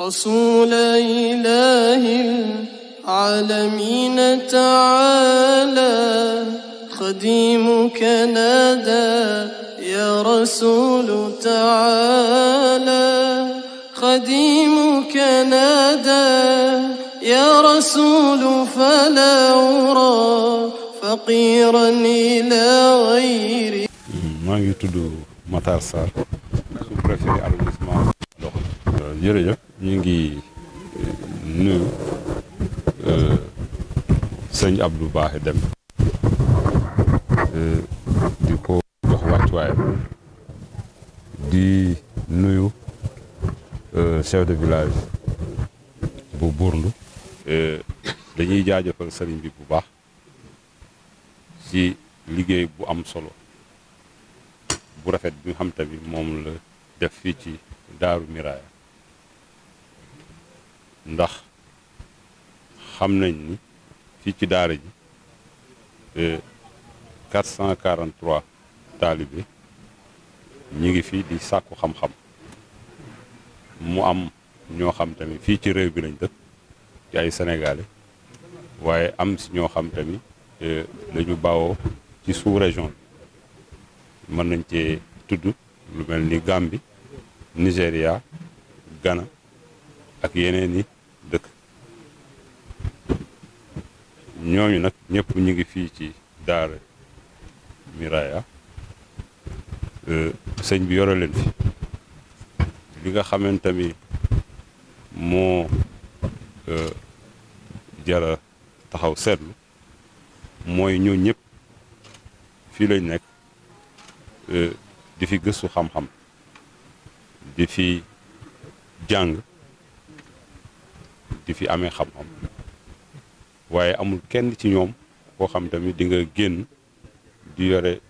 رسول إله العالمين تعالى خديمك نادى يا رسول تعالى خديمك نادى يا رسول فلا أرى فقيرا إلى غيري ما يتدو مطار صار sous-préfet arrondissement jërëjëf ñu ngi eh, nuyu euh, sëñ Abdou Baaxe Dem euh, di ko jox wàccuwaayam di nuyu euh, chef de village bu Bourndu dañuy jaajëfal sëriñ bi bu baax ci liggéey bu am solo bu rafet bi xam tamit moom la def fii ci Daaru Miraaya ndax xam nañ ni fii ci daara ji 443 e, taalibe ñi ngi fii di sàkku xam-xam mu am ñoo xam tamit fii ci réew bi lañ dëkk ci ay sénégalais waaye am si ñoo xam tamit dañu e, bawoo ci sous région mën nañ cee tudd lu mel ni Gambie Nigéria gana ak yeneen yi dëkk ñooñu nag ñëpp ñu ngi fii ci daara Miraya euh, sëñ bi yore leen fi li nga xamante ni moo euh, jara taxaw seetlu mooy ñoo ñëpp fii lañ nekk euh, di fi gëstu xam-xam di fi jàng di fi amee xam-xam waaye amul kenn ci ñoom koo xam tamit di nga génn di yore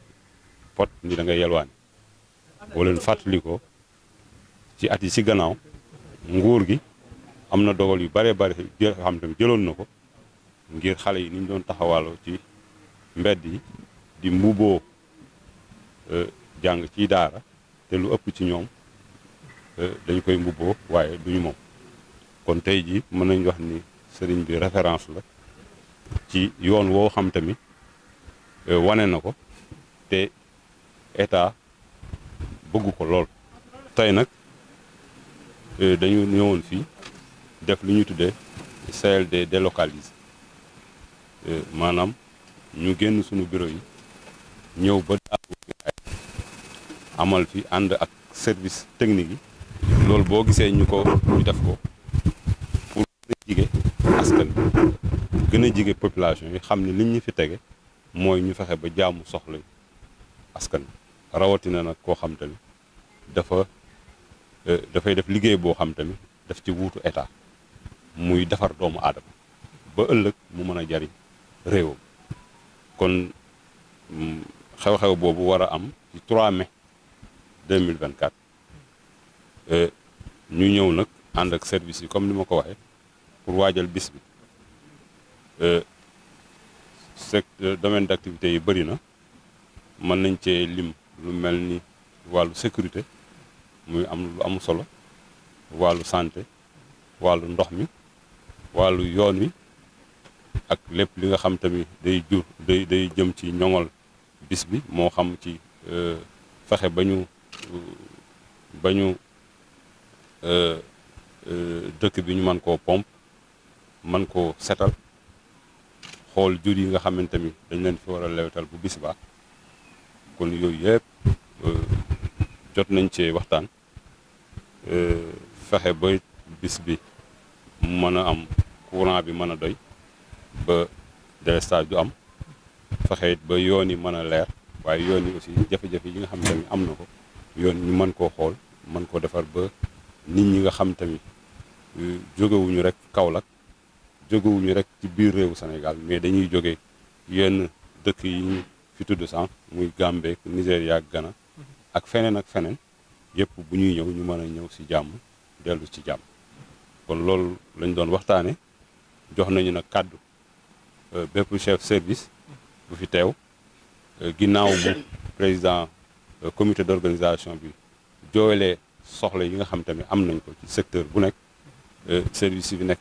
pot ni da nga yelwaani booleen leen ko ci at yi ci gannaaw nguur gi am na dogal yu bare bare jël xam tamit jëloon na ko ngir xale yi ni doon taxawaaloo ci mbedd yi di mbuboo euh, jàng ci daara te lu ëpp ci ñoom euh, dañu koy mbubboo waaye duñu moom kon tey ji mën nañ wax ni sëriñ bi référence la ci yoon woo xam tamit euh, wane na ko te état bëggu ko lool tey nag euh, dañu ñëwoon fii def lu ñu tuddee CLD délocalisé euh, maanaam ñu génn suñu bureau yi ñëw ba amal fi ànd ak service technique yi loolu boo gisee ñu ko ñu def ko jige askan bi gën a jige population yi xam ne lim ñu fi tege mooy ñu fexe ba jaamu soxla askan rawatina nag koo xam tamit dafa euh, dafay def liggéey boo xam tamit daf ci wuutu état muy defar doomu aadama ba ëllëg mu mën a jariñ réewam kon mm, xew-xew boobu war a am ci 3 mai 2024 euh, ñu ñëw nag ànd ak service yi comme ni ma ko waxee pour waajal bis bi euh, secteur domaine d'activité yi bëri na mën nañ cee lim lu mel ni wàllu sécurité muy am lu am solo wàllu santé wàllu ndox mi wàllu yoon wi ak lépp li nga xam tamit day jur day day jëm ci ñoŋal bis bi moo xam ci euh, fexe ba ñu ba ñu euh, dëkk bi ñu mën koo pompe man ko setal xool jur yi nga xamante ni dañ leen fi war a lewetal bu bis baax kon yooyu yëpp euh, jot nañ cee waxtaan euh, fexe ba bis bi mën a am courant bi mën a doy ba délestage du am fexe it ba yoon yi mën a leer waaye yoon yi aussi jafe-jafe yi nga xam tamit am na ko yoon ñu mën koo xool mën koo defar ba nit ñi nga xam tamit euh, jógewuñu rek Kaolack jógewuñu rek ci biir réewu Sénégal mais dañuy jóge yenn dëkk yi fi tudd sànq muy Gambie Nigéria Ghana ak feneen ak feneen yépp bu ñuy ñëw ñu mën a ñëw si jàmm dellu ci jàmm kon loolu lañ doon waxtaane jox nañu nag kàddu euh, bépp chef service bu fi teew euh, ginnaaw bu président euh, comité d'organisation bi jooylee soxla yi nga xam tamit am nañ ko ci secteur bu nekk service bi fi nekk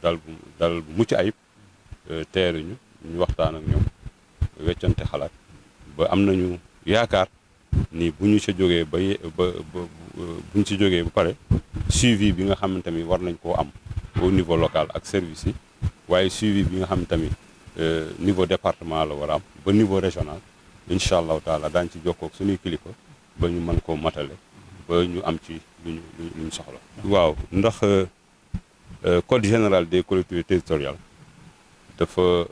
dal bu bu mucc ayib euh, teeruñu ñu waxtaan ak ñoom weccante xalaat ba am nañu yaakaar ni bu ñu sa jógee ba ba bu euh, ñu si jógee ba pare suivi bi nga xam tamit war nañ koo am au niveau local ak service yi waaye suivi bi nga xam tamit euh, niveau département la war am ba niveau régional incha allahu taala daañ ci jokkook suñuy kilifa ba ñu mën koo matale ba ñu am ci lu ñu lu ñu soxla waaw ndax Euh, code général des collectivités territoriales dafa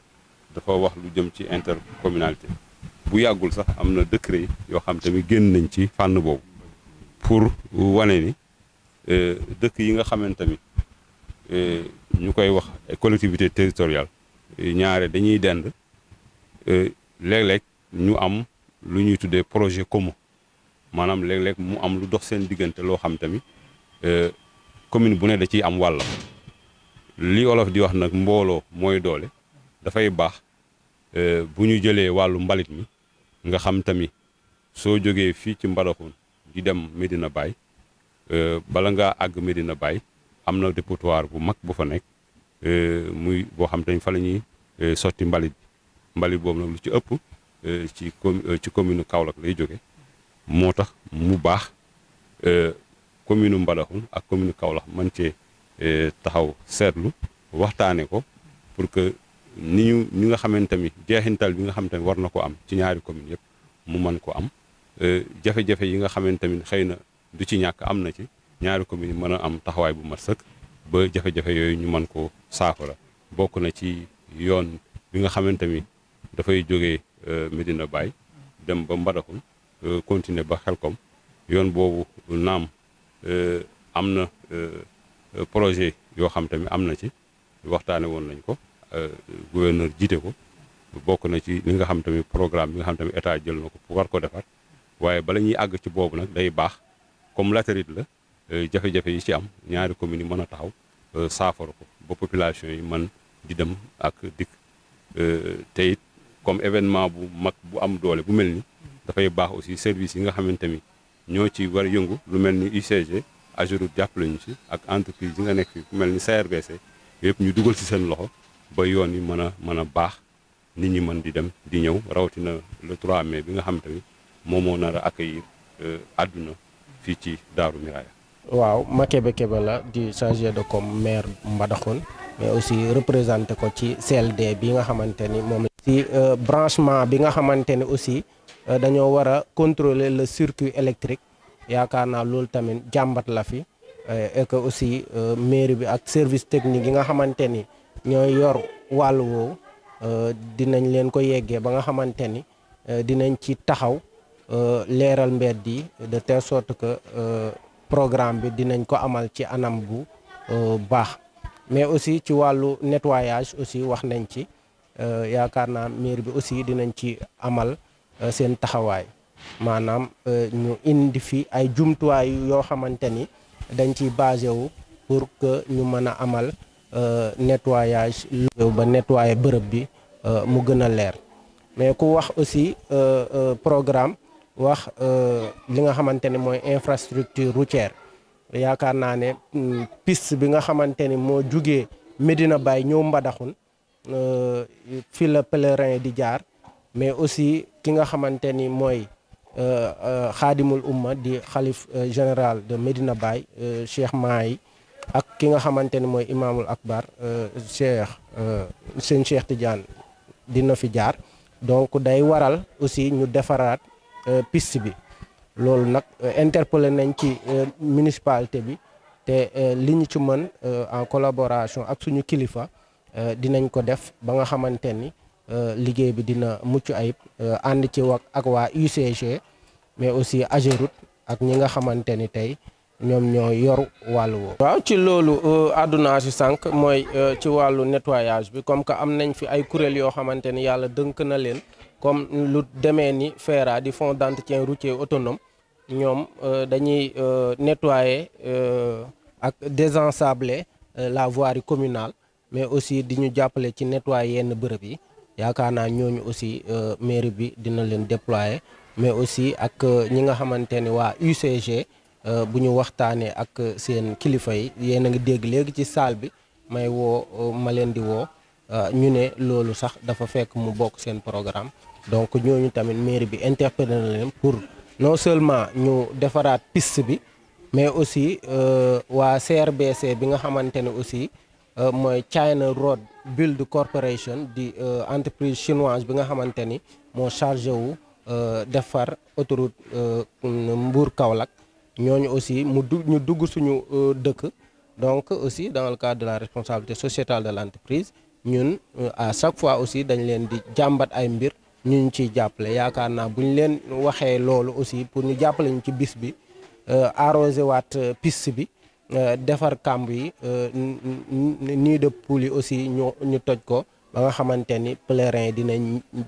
dafa wax lu jëm ci intercommunalité bu yagul sax am na décret yoo xam tamit génn nañ ci fànn boobu pour wane ni euh, dëkk yi nga xamante tamit euh, ñu koy wax collectivité territoriale ñaare dañuy dend léeg-léeg ñu am lu ñuy tuddee projet commun maanaam léeg-léeg mu am lu dox seen diggante loo xam tamit commune bu ne da ciy am wàll li olof di wax nag mbooloo mooy doole dafay baax euh, bu ñu jëlee wàllu mbalit mi nga xam tamit soo jógee fii ci Mbadakhoune di dem Medina Baye euh, bala ngaa àgg Medina Baye am na dépotoir bu mag bu fa nekk euh, muy boo xam te fa la ñuy sotti mbalit bi mbalit boobu nag lu ci ëpp ci ci commune Kaolack lay jóge moo tax mu baax commune Mbadakhoune ak commune Kaolack man cee Eh, taxaw seetlu waxtaane ko pour que ni ñu ñi nga xamante ni jeexintal bi nga xamante ni war na ko am ci ñaari commune yëpp mu mën ko am eh, jafe-jafe yi nga xamante tamit xëy na du ci ñàkk am na ci ñaari commune yi mën a am taxawaay bu mat sëkk ba jafe-jafe yooyu ñu mën ko saafara bokk na ci yoon bi nga xamante ni dafay jógee eh, Medina Baye dem ba Mbadakhoune continuer ba Xelkom yoon boobu naam am na Euh, projet yoo xam tamit am na ci waxtaane woon nañ ko euh, gouverneur jiite ko bokk na ci li nga xam tamit programme bi nga xam tamit état jël na ko pour war ko defar waaye bala ñuy àgg ci boobu nag day baax comme latérite la euh, jafe-jafe yi ci am ñaari communes yi mën a taxaw saafara ko ba population yi man di dem ak dikk te it comme événement bu mag bu am doole bu mel ni dafay baax aussi service yi nga xamante ni ñoo ci war yëngu lu mel ni UCG Ageroute jàppale ñu ci ak entreprise yi nga nekk ku mel ni CRBC yëpp ñu dugal si seen loxo ba yoon yi mën a mën a baax nit ñi mën di dem di ñëw rawatina le 3 mais bi nga xam tamit moom moo nar a accueillir euh, àdduna fii ci Daaru Miraaya waaw ma Kébé Kébé la di chargé de comme maire Mbadakhoune mais aussi représenté ko ci CLD bi nga xamante ni moom ci euh, branchement bi nga xamante ni aussi euh, dañoo war a contrôler le circuit électrique yaakaar naa loolu tamit jàmbat la fi eh, et que aussi euh, mairie bi ak service technique yi nga xamante ni ñooy yor wàll woowu euh, dinañ leen ko yeggee ba nga xamante ni euh, dinañ ci taxaw leeral mbedd yi de telle sorte que programme bi dinañ ko amal ci anam bu baax mais aussi ci wàllu nettoyage aussi wax nañ ci yaakaar naa mairie bi aussi dinañ ci amal seen taxawaay manam euh, ñu indi fi ay jumtuwaay yoo xamante ni dañ ciy basé wu pour que ñu mën amal euh, nettoyage ba nettoyer bërëb bi euh, mu gën a leer mais ku wax aussi programme wax li nga xamante ne infrastructure routière yaakaar naa mm, piste bi nga xamante ni moo medina Medina Baye ñëw dahun fi la pèlerin di jaar mais aussi ki nga xamante ni xaadimul euh, euh, umma di xalif euh, général de Medina Baye Cheikh Maay ak ki nga xamante ne mooy imaamul akbar Cheikh sëñ Cheikh Tidiane dina fi jaar donc day waral aussi ñu defaraat piste bi loolu nag interpellé nañ ci municipalité bi te li ñu ci mën en collaboration ak suñu kilifa dinañ ko def ba nga xamante ni Euh, liggéey bi dina muccu ayib and euh, ci ak wa UCG mais aussi Ageroute ak ñi nga xamanteni tay ñom ñoy yor walu woowu. waaw ci lolu aduna euh, ci sank moy ci walu nettoyage bi comme que am nañ fi ay kuréel yo xamanteni yalla deunk na leen comme lu démé ni FERA di Fonds d'entretien routier autonome ñom dañuy nettoyer ak désensabler la voirie communale mais aussi diñu ñu ci nettoyer yenn bërëb yi. yaakaar naa ñooñu aussi euh, mairie bi dina leen déployer mais aussi ak euh, ñi nga xamante ni waa UCG euh, bu ñu waxtaanee ak seen kilifa yi yéen a ngi dégg léegi ci salle bi may woo ma leen di woo ñu ne loolu sax dafa fekk mu bokk seen programme donc ñooñu tamit mairie bi interpellé na leen pour non seulement ñu defaraat piste bi mais aussi waa CRBC bi nga xamante ne aussi Euh, mooy China Road Build Corporation di euh, entreprise chinoise bi nga xamante ni moo chargé wu euh, defar autoroute Mbour Kaolack ñooñu aussi mu du ñu dugg suñu dëkk donc aussi dans le cadre de la responsabilité sociétale de l'entreprise ñun à chaque fois aussi dañ leen di jàmbat ay mbir ñu ñu ciy jàppale yaakaar naa bu ñu leen waxee loolu aussi pour ñu jàppale ñu ci bis bi arrosé waat piste bi Euh, defar kàmb yi euh, nii de poule yi aussi ñu ñu toj ko ba nga xamante ni pèlerin yi dinañ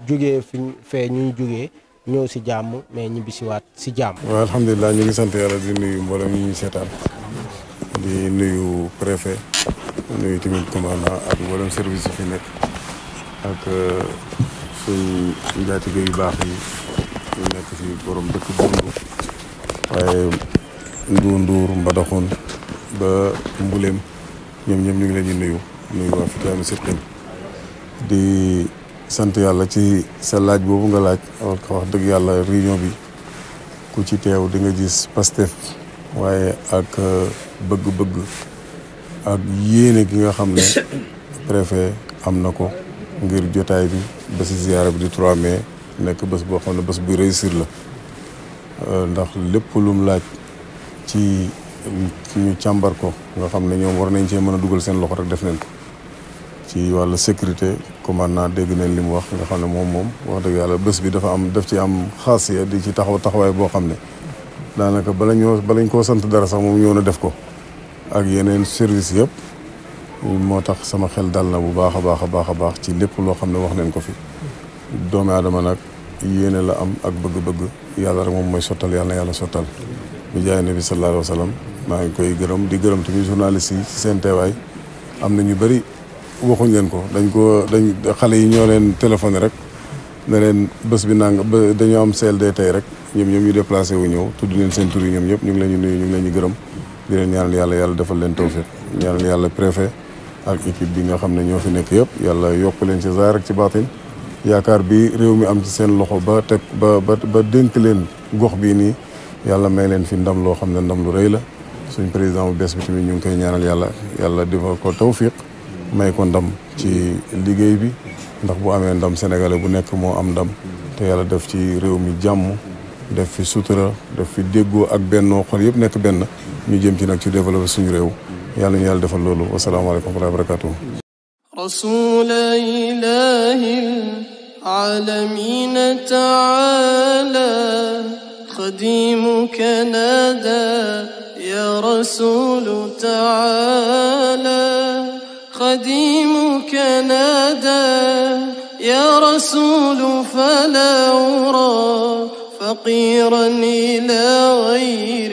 jóge fi fee ñuy jógee ñëw si jàmm mais ñibbi si waat si jàmm. waaw alhamdulilah ñu ngi sant yàlla di nuyu mboolem ñu ñu seetaan di nuyu préfet nuyu tamit commandant ak mboolem service yi fi nekk ak euh, suñ njaatige yu baax yi ñu nekk si borom dëkk Bundu waaye Ndour Ndour ba mbuleem ñoom ñoom ñu ngi leen di nuyu nuyu waa Fitaanu Sirkin di sant yàlla ci sa laaj boobu nga laaj alors wax dëgg yàlla réunion bi ku ci teew di nga gis Pastef waaye ak euh, bëgg-bëgg ak yéene gi nga xam ne préfet am na ko ngir jotaay bi ba si ziyaara bi di 3 mai nekk bés boo xam ne bés bu réussir la euh, ndax lépp lum laaj ci ci ñu càmbar ko nga xam ne ñoom war nañ cee mën a dugal seen loxo rek def nañ ko ci wàllu sécurité commandant dégg nañ li mu wax nga xam ne moom moom wax dëgg yàlla bés bi dafa am daf ci am xaas ya di ci taxaw taxawaay boo xam ne daanaka bala ñoo balañ koo sant dara sax moom ñëw na def ko ak yeneen service yëpp moo tax sama xel dal na bu baax a baax a baax a baax ci lépp loo xam ne wax nañ ko fi doomi aadama nag yéene la am ak bëgg-bëgg yàlla rek moom mooy sottal yàlla yàlla sottal bi jaay nabi sallallahu alayhi wa sallam maa ngi koy gërëm di gërëm tamit journaliste yi ci seen teewaay am na ñu bëri waxuñ ngeen ko dañ ko dañ xale yi ñoo leen téléphoné rek ne leen bés bi nanga ba dañoo am CLD tey rek ñoom ñoom ñu déplacé wu ñëw tudd leen seen tur yi ñoom ñëpp ñu ngi leen di nuyu ñu ngi leen di gërëm di leen ñaanal yàlla yàlla defal leen tawfiq ñaanal yàlla préfet ak équipe bi nga xam ne ñoo fi nekk yëpp yàlla yokk leen ci zaahir ak ci baatin yaakaar bi réew mi am ci seen loxo ba teg ba ba dénk leen gox bii nii yàlla may leen fi ndam loo xam ne ndam lu rëy la suñ président bu bees bi tamit ñu ngi koy ñaanal yàlla yàlla defal ko tawfiq may ko ndam ci liggéey bi ndax bu amee ndam sénégalais bu nekk moo am ndam te yàlla def ci réew mi jàmm def fi sutura def fi déggoo ak benn xol yëpp nekk benn ñu jëm ci nag ci développé suñu réew yàlla ñu yàlla defal loolu wasalaamaaleykum wa rahmatulah رسول إله العالمين تعالى تقديمك نادى يا رسول تعالى قديمك نادى يا رسول فلا أرى فقيرا إلى غيري